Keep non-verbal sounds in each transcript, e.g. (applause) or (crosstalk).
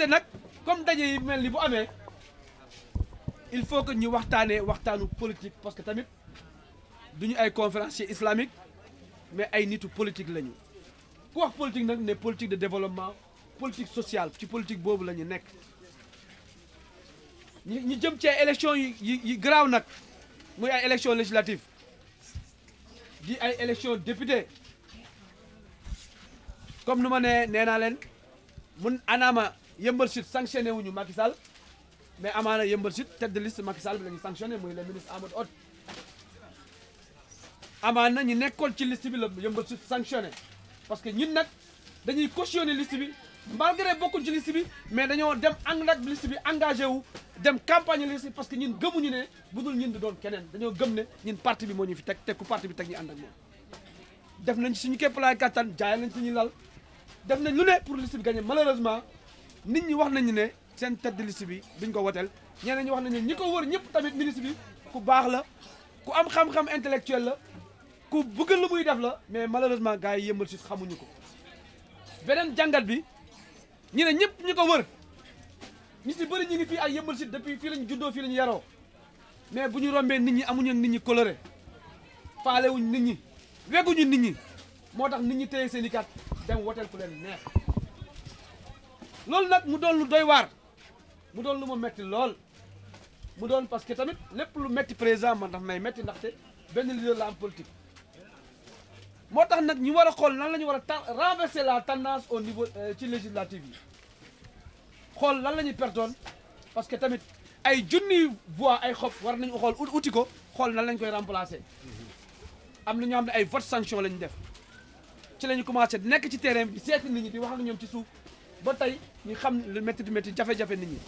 société nag comme daje yi mel ni bu amee il faut que ñu waxtaanee waxtaanu politique parce que tamit duñu ay conférencier islamique mais ay nitu politique lañu ku wax politique nag ne politique de développement politique sociale ci politique boobu la ñu nekk ñu jëm ci ay élection yi yi garaaw nag muy ay élection législative di ay élection député comme nu ma nee nee naa leen mun anaama Yeumbeul Sud sanctionné wuñu Macky Sall mais amaana Yeumbeul Sud tête de liste Macky Sall bi la ñu sanctionné muy le ministre amaana ñi nekkoon ci liste bi la Yeumbeul Sud sanctionné parce que ñun nag dañuy cautionné liste bi malgré bokkuñ ci liste bi mais dañoo dem ànd ak liste bi wu dem campagne liste bi parce que ñun gëmuñu ne budul ñun di doon keneen dañoo gëm ne ñun parti bi moo ñu fi teg teg ku parti bi teg ñu ànd ak moom def nañ suñu képp laay kattan jaay nañ suñu lal def nañ lu ne pour liste bi gagné malheureusement nit ñi wax nañu ne seen tête de bi duñ ko woteel ñeneen ñi wax nañu ne ñi ko wër ñëpp tamit ministre bi ku baax la ku am xam-xam intellectuel la ku bëgg lu muy def la mais malheureusement gars yi yëmbal si xamuñu ko beneen jàngat bi ñu ne ñëpp ñu ko wër ñu si bëri ñu ngi fii ak yëmbal si depuis fii lañ juddoo fii lañ yaroo mais bu ñu rombee nit ñi amuñu nit ñi coloré faalewuñ nit ñi weguñu nit ñi moo tax nit ñi téye seen i kat dem woteel ku leen neex loolu nag mu doon lu doy waar mu doon lu moo metti lool mu doon parce que tamit lépp lu metti président man daf may metti ndaxte benn leader la am politique moo tax nag ñu war a xool nan la ñu war a renverser la tendance au niveau euh, ci législative yi xool nan la ñuy perdoon parce que tamit ay junniy voix ay xob war nañu xool uti ko xool nan lañ koy remplacer am na ñoo xam ne ay vote sanction la ñu def ci la ñu di nekk ci terrain bi seeti nit ñi di wax ak ñoom ci suuf ba tey ñu xam lu métti di métti jafe-jafe nit ñi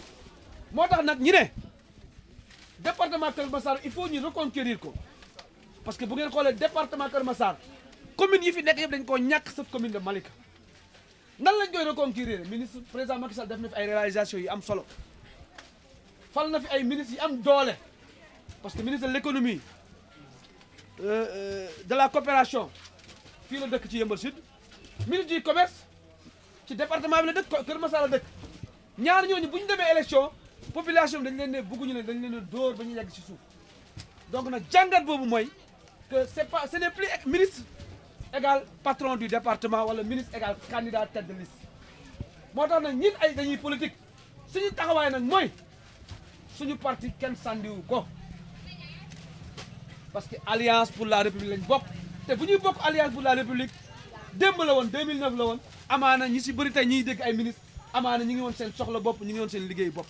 moo tax nag ñi ne département Kër Massar il faut ñu reconquérir ko parce que bu ngeen xoolee département Kër Massar commune yi fi nekk yëpp dañ koo ñàkk sauf commune de Malika nan lañ koy reconquérir ministre président Macky Sall def na fi ay réalisation yi am solo fal na fi ay ministres yi am doole parce que ministre de l'économie euh, euh, de la coopération fii la dëkk ci Yeumbeul ministre du commerce ci département bi la dëkk Kër Masar la dëkk ñaar ñooñu bu ñu demee élection population bi dañ leen ne bëgguñu leen dañ leen ne dóor ba ñu yegg ci suuf donc nag jàngat boobu mooy que c'est pas ce n'est plus e-, ministre égal patron du département wala ministre égal candidat tête de liste moo tax na ñun ay dañuy politique suñu taxawaay nag mooy suñu parti kenn sàndiwu ko parce que alliance pour la république lañ bokk te bu ñuy bokk alliance pour la république démb la woon 2009 la woon amaana ñi si bëri tey ñiy dégg ay ministre amaana ñi ngi woon seen soxla bopp ñi ngi woon seen liggéey bopp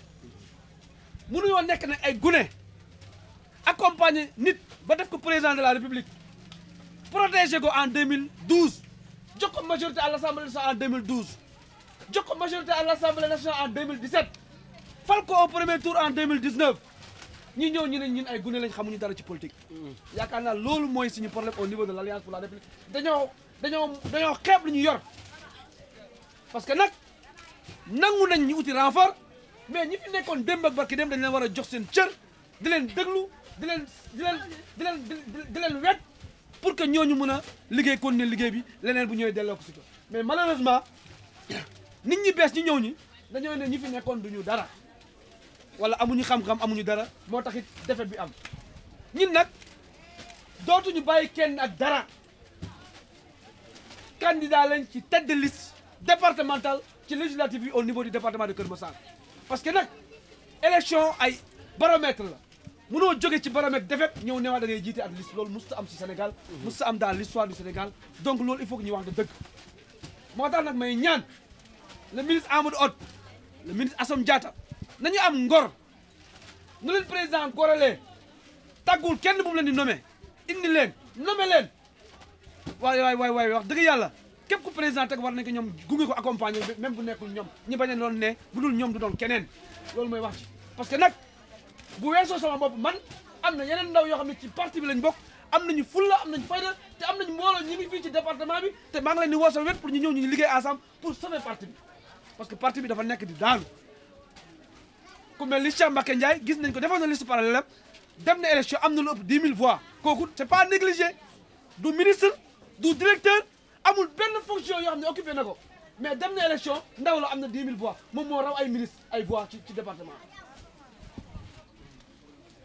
mënuñoo nekk nag ay gune accompagner nit ba def ko président de la république protéger ko en 2012 jox ko majorité à l' assemblée nationale en jox ko majorité à l' assemblée nationale en 2017 fal ko au en ñi ñëw ñu ne ñun ay gune lañ xamuñu dara ci politique. yaakaar naa loolu mooy suñu problème au niveau de l' pour la république dañoo dañoo dañoo xeeb lu ñu yor. parce que nag nangu nañ ñu uti renfort mais ñi fi nekkoon démb ak barki dem dañ leen war a jox seen cër di leen déglu di leen di leen wet pour que ñu mën a liggéey ne liggéey bi leneen bu ñëwee delloo ko si mais malheureusement (coughs) nit ñi bees ñi ñëw ñi dañoo ne ñi fi nekkoon duñu dara wala amuñu xam-xam amuñu dara moo tax it defet bi am ñun nag dootuñu bàyyi kenn ak dara candidat lañ ci tête de liste départementale ci législative yi au niveau du département de Kër Massar parce que nag élection ay baromètre la noo jóge ci baromètre défaite ñëw newaa da ngay jiite ak liste loolu musta am si Sénégal musta am dans l'histoire du Sénégal donc loolu il faut que ñu wax de dëgg moo tax nag may ñaan le ministre Amadou Hott le ministre Assome Diatta nañu am ngor nu leen président goralee tàggul kenn bu leen di nommé indi leen nommé leen waay waay waay waay wax dëgg yàlla képp ku président teg war nañ ko ñoom gunge ko accompagner même bu nekkul ñoom ñu bañ a doon ne bu dul ñoom du doon keneen loolu mooy wax ci parce que nag bu weesoo sama bopp man am na yeneen ndaw yoo xam ne ci parti bi lañ bokk am nañu fulla am nañu fayda te am nañu mbooloo ñi ngi fii ci département bi te maa ngi leen di woo sama wet pour ñu ñëw ñu liggéey ensemble pour sauver parti bi parce que parti bi dafa nekk di daanu ku mel ni Cheikh Mbacké Ndiaye gis nañ ko defoon na liste parallèle am dem na am na lu ëpp 10 000 voix kooku c'est pas du ministre du directeur amul benn fonction yoo xam ne occupé na ko mais dem na élection ndaw la am na 10 000 voix moom moo raw ay ministre ay voix ci ci département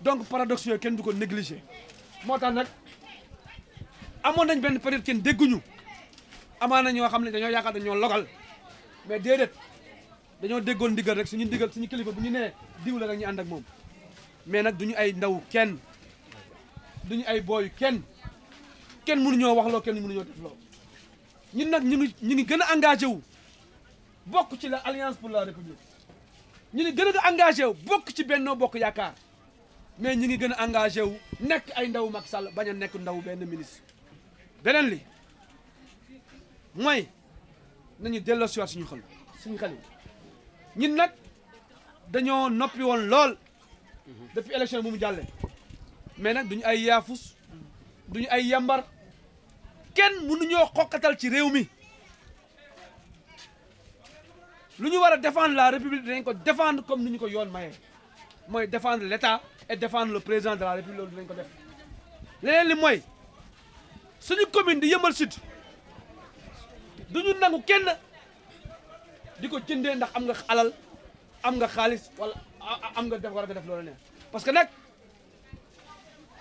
donc paradoxe yooyu kenn du ko négligé moo tax nag amoon nañ benn période kenn dégguñu amaan na ñoo xam ne dañoo yaakaar dañoo logal mais déedéet dañoo déggoon ndigal rek suñu si suñu kilifa bu ñu nee diw la rek ñu ànd ak moom mais nag duñu ay ndaw kenn duñu ay booyu kenn kenn ñoo wax loo kenn mënuñoo def loo ñun nag ñu ngi ñu ngi gën a engagé wu bokk ci la alliance pour la république ñu ngi gën a engagé wu bokk ci benn Bokk Yaakaar mais ñu ngi gën a engagé wu nekk ay ndaw mag Sall bañ a nekk ndaw benn ministre. beneen li mooy nañu delloosiwaat suñu xel suñu xel yi ñun nag dañoo noppi lool depuis élection bu mu jàllee mais nag duñ ay yaafus duñu ay yambar. kenn mënuñoo xoqatal ci réew mi lu ñu war a défendre la république dinañ ko défendre comme ni ñu ko yoon mayee mooy défendre l' état et défendre le président de la république loolu dinañ ko def leneen li mooy suñu commune di Yeumbeul du ñu nangu kenn di ko jëndee ndax am nga alal am nga xaalis wala am nga def war a def loolu ne parce que nag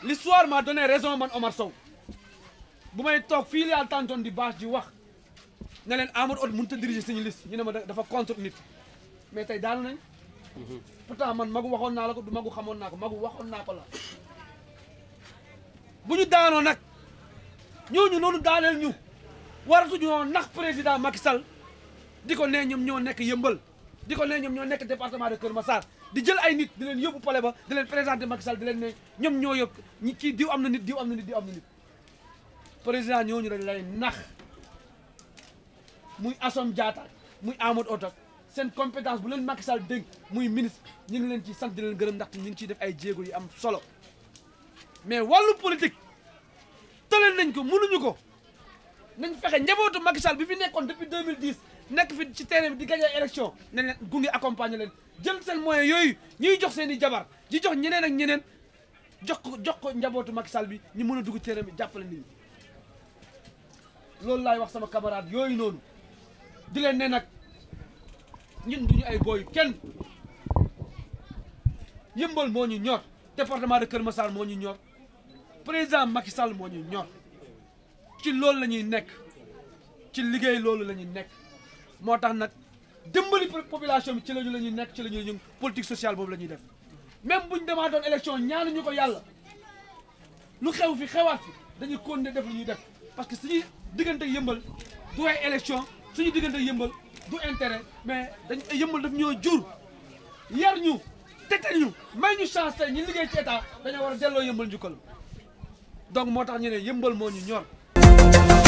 l'histoire m'a donné raison man Omar Sow bu may toog fii laa tàntoon di bâche di wax ne leen Amadou Hott mënut a diriger suñu liste ñu ne ma dafa contre nit mais tey daanu nañ mhm. pourtant man magu waxoon naa la ko du magu xamoon naa ko magu waxoon naa ko la bu ñu daanoo nag ñu noonu daaneel ñu waratuñoo nax président Macky Sall di ko ne ñoom ñoo nekk yëmbal di ko ne ñoom ñoo nekk département de Kër Massar di jël ay nit di leen yóbbu palais ba di leen présenter Macky Sall di leen ne ñoom ñoo yëpp ñi kii diw am na nit diw am na nit diw am na nit président ñooñu dañ lay nax muy Assome Diatta muy Amadou Hott seen compétence bu leen Macky Sall dénk muy ministre ñu ngi leen ci sant di leen gërëm ndaxte ñu ngi ciy def ay jéego yu am solo mais wàllu politique tëleen nañ ko mënuñu ko nañ fexe njabootu Macky Sall bi fi nekkoon depuis 2010 nekk fi ci terrain bi di gagné élection nañ gunge accompagner leen jël seen moyens yooyu ñuy jox seen i jabar ji jox ñeneen ak ñeneen jox ko jox ko njabootu Macky Sall bi ñu mën a dugg terrain bi jàppale nit loolu laay wax sama camarade yooyu noonu di leen ne nag ñun duñu ay booyu kenn yëmbal moo ñu ñor département de Kër Massar moo ñu ñor président Macky Sall moo ñu ñor ci loolu la ñuy nekk ci liggéey loolu la ñuy nekk moo tax nag dimbali population bi ci lañu la ñuy nekk ci la ñuy ñu politique sociale boobu la ñuy def même buñ demaatoon élection ñaanuñu ko yàlla lu xew fi xewaat fi dañuy continuer def lu ñuy def parce que si diggante yëmbal du ay élection suñu diggante yëmbal du intérêt mais dañ yëmbal daf ñoo jur yar ñu tete ñu may ñu chance ñi ñu liggéey ci état dañoo war a delloo yëmbal njukkal donc moo tax ñu ne yëmbal moo ñu ñor